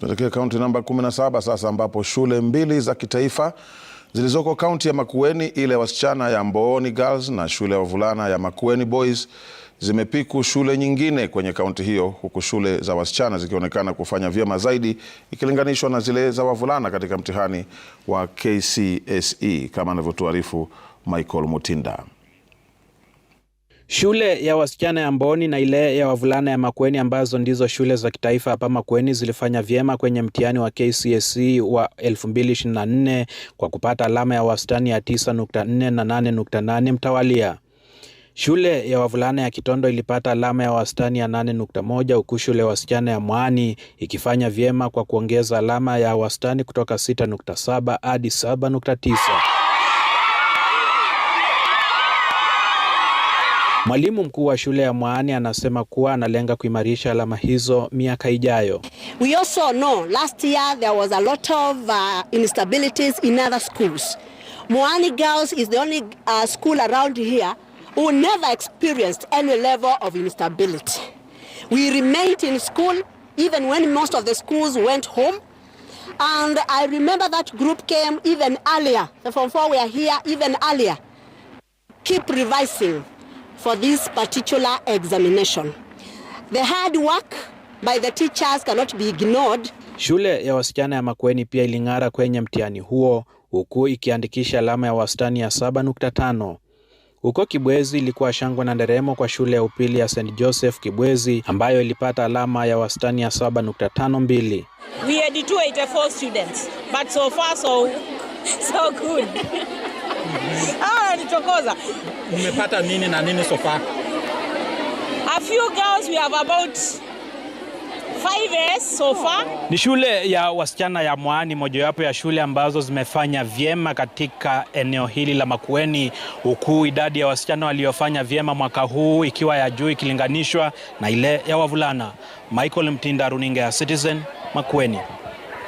tuelekee kaunti namba 17 sasa ambapo shule mbili za kitaifa zilizoko kaunti ya Makueni, ile ya wasichana ya Mbooni Girls na shule ya wavulana ya Makueni Boys zimepiku shule nyingine kwenye kaunti hiyo, huku shule za wasichana zikionekana kufanya vyema zaidi ikilinganishwa na zile za wavulana katika mtihani wa KCSE, kama anavyotuarifu Michael Mutinda. Shule ya wasichana ya Mboni na ile ya wavulana ya Makueni ambazo ndizo shule za kitaifa hapa Makueni zilifanya vyema kwenye mtihani wa KCSE wa 2024 kwa kupata alama ya wastani ya 9.4 na 8.8 mtawalia. Shule ya wavulana ya Kitondo ilipata alama ya wastani ya 8.1 huku shule ya wasichana ya Mwani ikifanya vyema kwa kuongeza alama ya wastani kutoka 6.7 hadi 7.9. Mwalimu mkuu wa shule ya Mwaani anasema kuwa analenga kuimarisha alama hizo miaka ijayo. We also know last year there was a lot of uh, instabilities in other schools. Mwaani Girls is the only uh, school around here who never experienced any level of instability. We remained in school even when most of the schools went home. And I remember that group came even earlier. The form four were here even earlier. Keep revising for this particular examination. The hard work by the teachers cannot be ignored. Shule ya wasichana ya Makueni pia iling'ara kwenye mtihani huo huku ikiandikisha alama ya wastani ya 7.5. Huko Kibwezi ilikuwa shangwe na nderemo kwa shule ya upili ya St Joseph Kibwezi ambayo ilipata alama ya wastani ya 7.52. We had 284 students, but so far so, so good. wamenichokoza. nini na nini so far? A few girls we have about 5S so far. Ni shule ya wasichana ya Mwani, mojawapo ya shule ambazo zimefanya vyema katika eneo hili la Makueni, huku idadi ya wasichana waliofanya vyema mwaka huu ikiwa ya juu ikilinganishwa na ile ya wavulana. Michael Mtinda, runinga ya Citizen, Makueni.